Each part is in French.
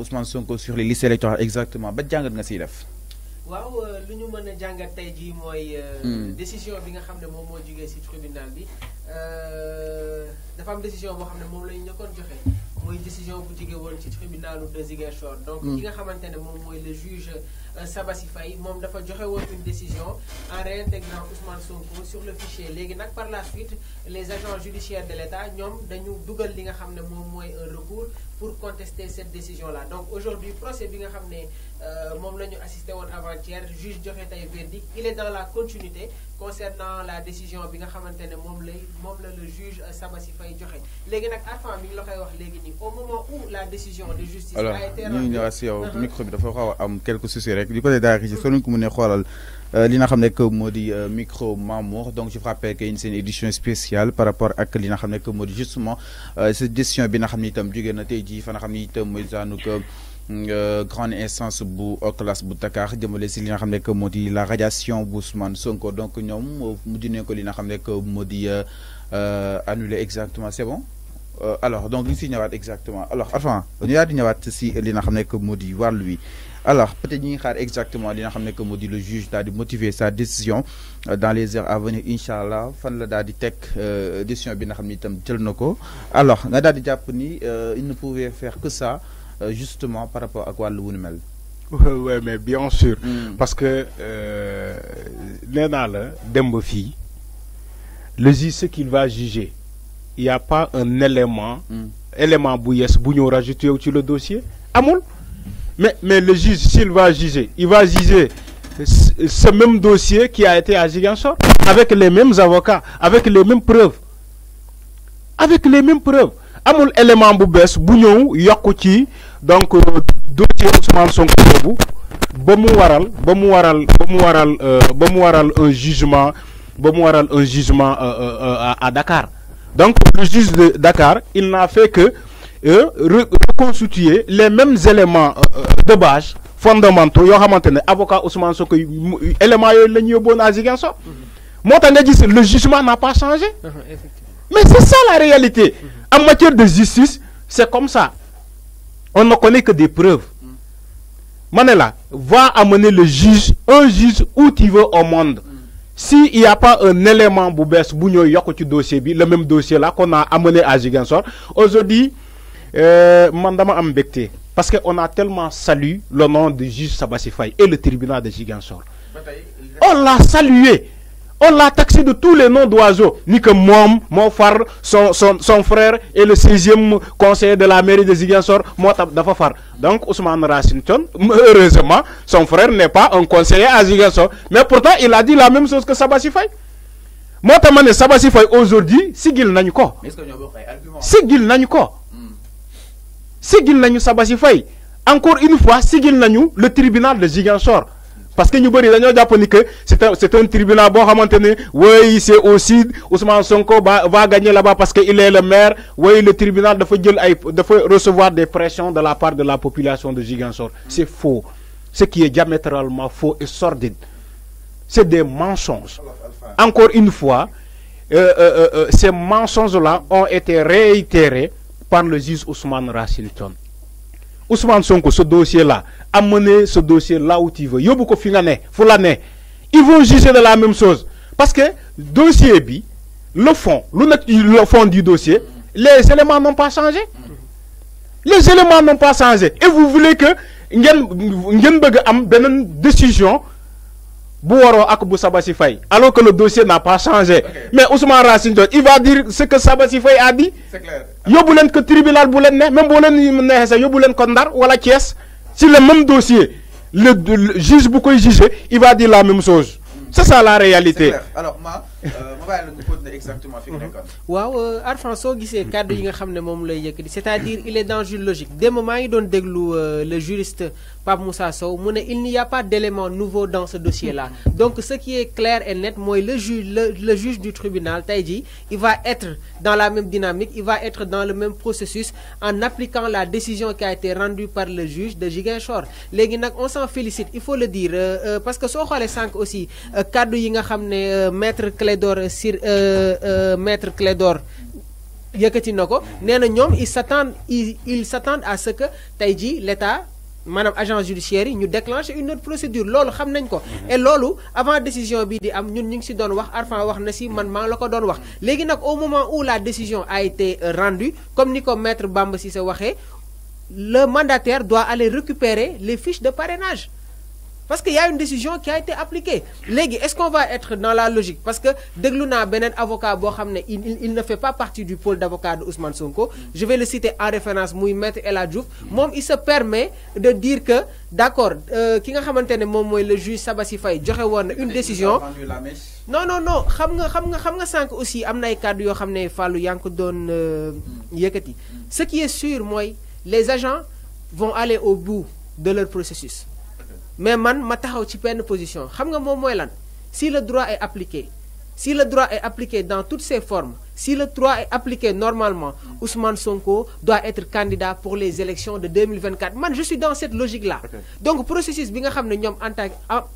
Ousmane Sonko sur les listes électorales exactement ba jangat nga siy def. waaw euh, lu ñu mën a jàngat tey jii euh, hmm. décision bi nga xamné mom mo moo ci tribunal bi euh dafa am décision bo xamné mom moom la joxé une décision bu jóge woon ci tribunal de Ziguinchor. Mm. donc ki nga xamantene ne moy le juge euh, Sabassi Faye moom dafa une décision en réintégrant Ousmane Sonko sur le fichier légui par la suite les agents judiciaires de l'État ñom dañu duggal li nga un recours pour contester cette décision là donc aujourd'hui procès bi nga xam euh, assisté avant-hier juge joxe tay verdict il est dans la continuité concernant la décision bi nga xamante ne moom lay moom la le juge euh, Sabassi Faye joxe léegi nag Arfan bi ñu la koy wax léegi nii au moment où la décision de justice. alors ñu ngi ñëwaat si yow micro bi dafa xaw a am quelques soucis rek du côté daara ji soo leen ko mënee xoolal euh, li nga xam ne que moo di euh, micro Mamour donc je rappelle que c'est une édition spéciale par rapport ak li nga xam ne que moo di justement cette décision bi nga xam ne itam jóge na tey jii fa nga xam ne itam mooy zaanu grande instance bu classe, bu Dakar jëmale si li nga xam que la radiation bu Ousmane Sonko donc ñom mujj nañ ko li nga xam que moo euh, annulé exactement c'est bon euh, alors donc les signes ñëwaat exactement alors enfin ñu ya di ñëwaat si li nga xam que modi voir lui alors peut-être ñi xaar exactement li nga xam que modi le juge da di motiver sa décision euh, dans les heures à venir Inshallah, fan la daal di décision bi nga xam ne itam jël nako alors nga la di jàpp ni il ne pouvait faire que ça. Euh, justement par rapport à quoi le oui mais bien sûr. Mm. parce que euh, nee Dembofi, le juge ce qu'il va juger il y a pas un élément. Mm. élément bu bouillon au rajouté au dessus le dossier amul. mais mais le juge s'il va juger il va juger ce même dossier qui a été à ça avec les mêmes avocats avec les mêmes preuves avec les mêmes preuves amul élément boubesse, bouillon Yakouti donc euh, dossier Ousmane Sonko boobu ba eu waral un jugement un jugement euh, euh, à Dakar donc le juge de Dakar il n'a fait que reconstituer les mêmes éléments de base fondamentaux yo xamante avocat Ousmane Sonko éléments yo un ñu à mm-hmm. le jugement n'a pas changé mm-hmm, mais c'est ça la réalité en matière de justice c'est comme ça on ne connaît que des preuves. Manela, va amener le juge, un juge où tu veux au monde. Si S'il n'y a pas un élément, Boubès, Bougno, dossier, le même dossier là qu'on a amené à Gigansor, aujourd'hui, euh, Mandama Ambekte, parce qu'on a tellement salué le nom du juge Sabasifai et le tribunal de Gigansor. On l'a salué. On l'a taxé de tous les noms d'oiseaux. Ni que Mom, mon frère son, frère et le sixième conseiller de la mairie de Ziguinchor, moi, Dafafar. Donc, Ousmane Rassington, heureusement, son frère n'est pas un conseiller à Ziguinchor. Mais pourtant, il a dit la même chose que Sabassi Faye. Moi, Sabassi Faye, aujourd'hui, Sigil Nanyuko. Sigil Nanyuko. Sigil Nanyu Sabassi Encore une fois, Sigil Nanyu, le tribunal de Zigansor parce que nous, bari dañu c'est un tribunal bon à oui c'est aussi Ousmane Sonko va gagner là-bas parce qu'il est le maire oui le tribunal de recevoir des pressions de la part de la population de Gigansor. c'est faux ce qui est diamétralement faux et sordide c'est des mensonges encore une fois euh, euh, euh, ces mensonges-là ont été réitérés par le juge Ousmane Rassilton. Ousmane Sonko ce dossier-là, amener ce dossier là où tu veux. Yobu ko finane, l'année Ils vont juger de la même chose. Parce que dossier bi, le fond, le fond du dossier, les éléments n'ont pas changé. Les éléments n'ont pas changé. Et vous voulez que une décision Bouaro Akbou Sabasi Fay, alors que le dossier n'a pas changé. Okay. Mais Ousmane Racine il va dire ce que Sabasi Fay a dit. C'est clair. Yoboulen que tribunal boulen ne, même boulen ne, yoboulen kondar, ou la caisse. Si le même dossier, le, le, le juge beaucoup jugé, il va dire la même chose. Mm. C'est ça la réalité. Alors, ma c'est-à-dire il est dans une logique moments moments ngi des déglu euh, le juriste Pape Moussa Sow il n'y a pas d'élément nouveau dans ce dossier là donc ce qui est clair et net moi le juge le juge du tribunal il va être dans la même dynamique il va être dans le même processus en appliquant la décision qui a été rendue par le juge de Ziguinchor on s'en félicite il faut le dire euh, euh, parce que ce les cinq aussi cadre yi nga maître Clédor Sir euh, euh, maître Clédor yëkëti nako néna ñom na ils s'attendent ils s'attendent à ce que tey l'État Madame agence judiciaire yi ñu déclenche une autre procédure loolu xam nañ ko et loolu avant décision bi di am ñun ñu ngi si doon wax Arfan wax na si man le la ko wax au moment où la décision a été euh, rendue comme nico ko maître Bamba Cissé waxee le mandataire doit aller récupérer les fiches de parrainage parce qu'il y a une décision qui a été appliquée est-ce qu'on va être dans la logique parce que Degluna Benet, avocat il ne fait pas partie du pôle d'avocat d'Ousmane Sonko je vais le citer en référence Mouy maître il se permet de dire que d'accord euh, ki le juge Sabassi Faye une décision non non non xam nga xam aussi am euh, ce qui est sûr moi, les agents vont aller au bout de leur processus mais man ma taxaw ci benn position xam nga moom lan si le droit est appliqué si le droit est appliqué dans toutes ses formes si le droit est appliqué normalement Ousmane Sonko doit être candidat pour les élections de 2024 man je suis dans cette logique là donc processus bi nga xam ne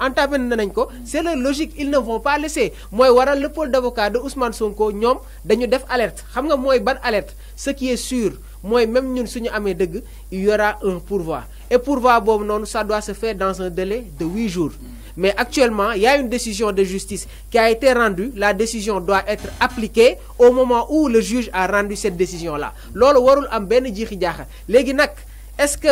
entamé nañ c'est leur logique ils ne vont pas laisser mooy waral le pôle d'avocat de Ousmane Sonko ñoom dañu def alerte xam nga mooy ban alerte ce qui est sûr mooy même ñun suñu amee dëgg il y aura un pourvoi et voir bon non, ça doit se faire dans un délai de 8 jours. Mais actuellement, il y a une décision de justice qui a été rendue. La décision doit être appliquée au moment où le juge a rendu cette décision-là. warul am ben est-ce que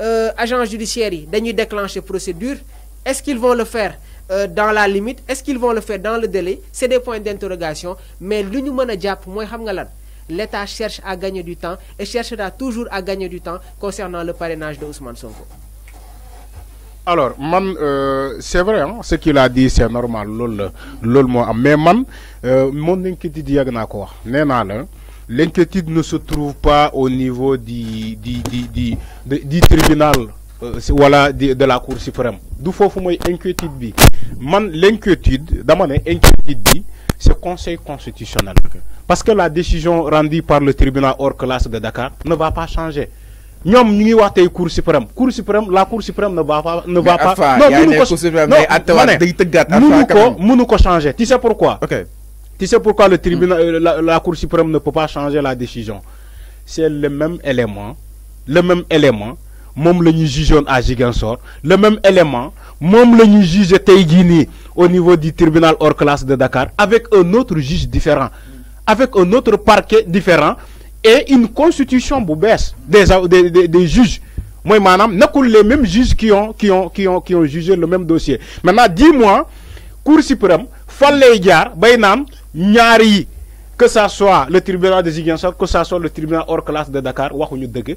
euh, agents judiciaires déclenchent dañuy déclencher procédure est-ce qu'ils vont le faire euh, dans la limite est-ce qu'ils vont le faire dans le délai c'est des points d'interrogation mais l'Union ñu mën l'État cherche à gagner du temps et cherchera toujours à gagner du temps concernant le parrainage de Ousmane Sonko. Alors, euh, c'est vrai, hein, ce qu'il a dit, c'est normal, lol, moi, mais euh, mon inquiétude, il y a l'inquiétude ne se trouve pas au niveau du, tribunal euh, de, la Cour suprême. D'où faut-il inquiétude bi. Man, l'inquiétude, d'abord, inquiétude ce Conseil constitutionnel. Parce que la décision rendue par le tribunal hors classe de Dakar ne va pas changer. Nous sommes wax cour suprême cour suprême la cour suprême ne va pas ne va pas non changer tu sais pourquoi tu sais pourquoi le tribunal hmm. euh, la cour suprême ne peut pas changer la décision c'est le même élément le même élément même la ñuy à Ziguinchor le même élément même le juge au niveau du tribunal hors classe de Dakar avec un autre juge différent, avec un autre parquet différent et une constitution bobesse des, des, des, des juges. Moi, madame, pas les mêmes juges qui ont, qui ont, qui ont, qui ont jugé le même dossier. Maintenant, dis-moi, Cour suprême, fallait Diar, Nyari, que ça soit le tribunal des que ça soit le tribunal hors classe de Dakar, Wahounou Dege,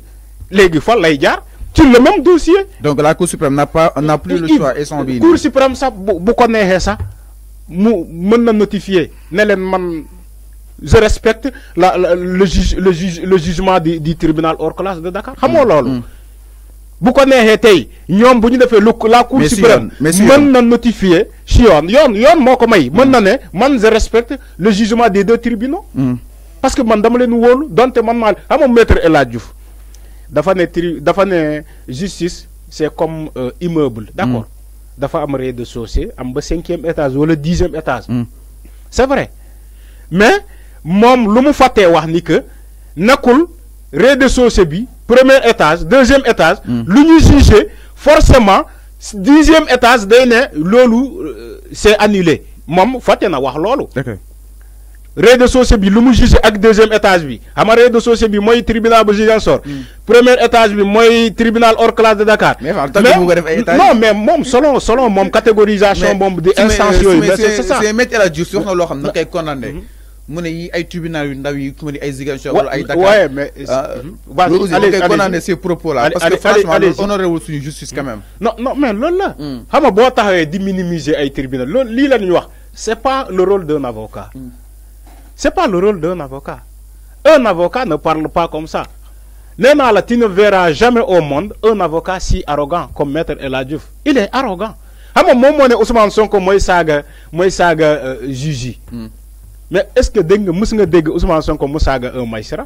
les Fall Diar, sur le même dossier. Donc la Cour suprême n'a pas n'a plus le choix et son bien. Cour suprême ça bu ko ça sax mu mën na notifier je respecte la le juge le juge le jugement du du tribunal hors classe de Dakar. xamoo mm, loolu. Mm. bu ko ya un ñoom bu ñu la cour suprême mën na notifier si on yoon yoon moo ko may mën na ne man je respecte le jugement des deux tribunaux mm. parce que man dama leen wóolu mal man mon maître et la dafa justice c'est comme euh, immeuble mm. d'accord dafa am de chaussée am ba cinquième étage 10e étage mm. c'est vrai mais mom lu mu wax ni que de bi premier étage deuxième étage mm. lu forcément forcément dixième étage day ne euh, c'est annulé mom faté na wax rez-de-chaussée bi lu mu jugé ak deuxième étage bi xam nga rez-de-chaussée bi moy tribunal bu sort hmm. premier étage bi moy tribunal hors classe de Dakar. mais non mais mom selon selon mom catégorisation. moom de instance yooyu. mais c'est ça c'est mettre la justice wax na loo xam ne da condamné. Mhm. mu ne yi ay tribunal yu ndaw yi ku di ay Ziguinchor wala ay Dakar ouais mais. Ah, loolu aussi condamné ces propos là. parce que franchement loolu honoré wul suñu justice quand même. Mm. non non mais lool la. Mm. xam nga boo taxawee di minimiser ay tribunal lool li la ñuy wax c'est pas le rôle d'un avocat. Mm. Ce n'est pas le rôle d'un avocat. Un avocat ne parle pas comme ça. tu ne verra jamais au monde un avocat si arrogant comme Maître Eladjouf. Il est arrogant. À mon moment Ousmane Sonko, moi, saga, moi, Mais est-ce que Ousmane Sonko, moi, un maïsra?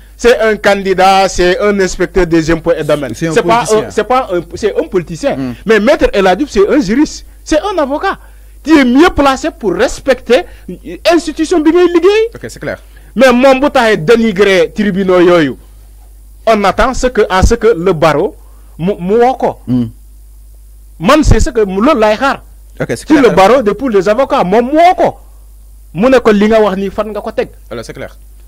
c'est un candidat, c'est un inspecteur des impôts et d'amène. C'est pas c'est pas c'est un politicien. Hmm. Mais maître Eladjoub, c'est un juriste, c'est un avocat qui est mieux placé pour respecter l'institution de OK, c'est clair. Mais mon est dénigré tribunal yoyo. On attend ce que à ce que le barreau mouako. Hmm. Man c'est ce que le laïcar. OK, c'est clair. le barreau depuis pour les avocats, mon mouako. Mon ko li nga fan nga ko Alors c'est clair.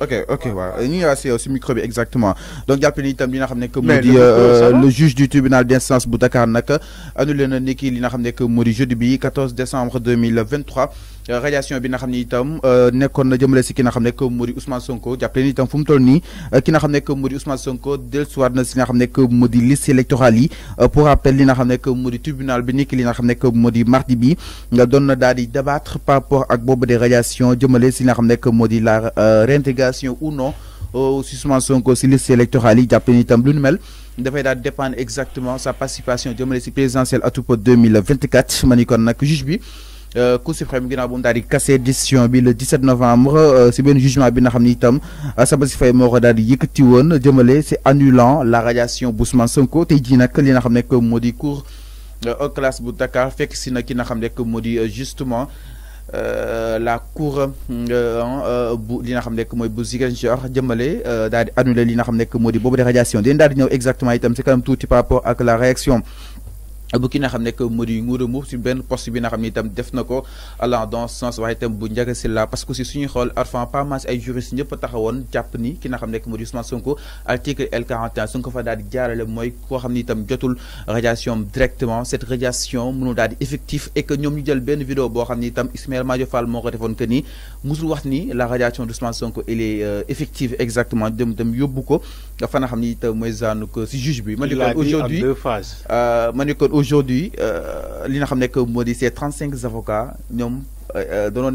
ok ok waaw ñu ngi wax si yow si micro bi exactement donc jàpp ni itam li nga xam ne que moo di le juge du tribunal d'instance instance bu Dakar nag annulé na Niki, ki li nga xam que moo jeudi bi 14 décembre 2023 radiation bi nga xam itam nekkon na jëmale ci ki nga xamné ne que moo Ousmane Sonko jàpp leen itam fu mu toll nii ki nga xamné ne que moo Ousmane Sonko del soir na ci nga xamné ne que moo liste électorale yi pour rappel li nga xamné ne que moo tribunal bi niki li nga xamné ne que moo mardi bi nga don na daal di débattre par rapport ak bobu des radiation jëmale ci nga n'est que la euh, réintégration ou non euh, Ousmane Sonko si liste électorale yi jàpp ni lu dépendre exactement sa participation jëmale si présidentielle atupa 2024 ma ni kon juge bi euh, Cour suprême gina bu mu cassé di casser décision bi le 17 novembre bien le jugement bi nga xamni tam sa Sabassy Faye moo dal di yëkkati woon annulant la radiation bu Ousmane Sonko tay que nak li nga xam ne moo di classe bu Dakar fekk si na ki nga xam justement euh, la cour euh, hein, euh, li nga xam nekk bu de radiation den dal di exactement itam par rapport la réaction bu ki nga xam ne moo di nguuru mu si poste bi nga xamni tam def nako ko allant dans sens waaye tam bu njaga ci la parce que si suñu xol arfan pas mal ay juriste ñep taxawone japp ni ki nga xam ne moo Ousmane Sonko article L41 Sonko fa daal di jaarale moy ko xamni tam jotul radiation directement cette radiation mënul daal di effectif et que ñom ñu jël ben vidéo bo xamni tam Ismaël Madio Fall moko defone que ni musul wax ni la radiation de Sonko elle est euh, effective exactement dem dem yóbbu ko fa nga xamni tam moy zanou zaanu ko juge bi man euh, ni kon aujourd'hui euh ni kon aujourd'hui, euh, 35 avocats, nous euh, euh, donné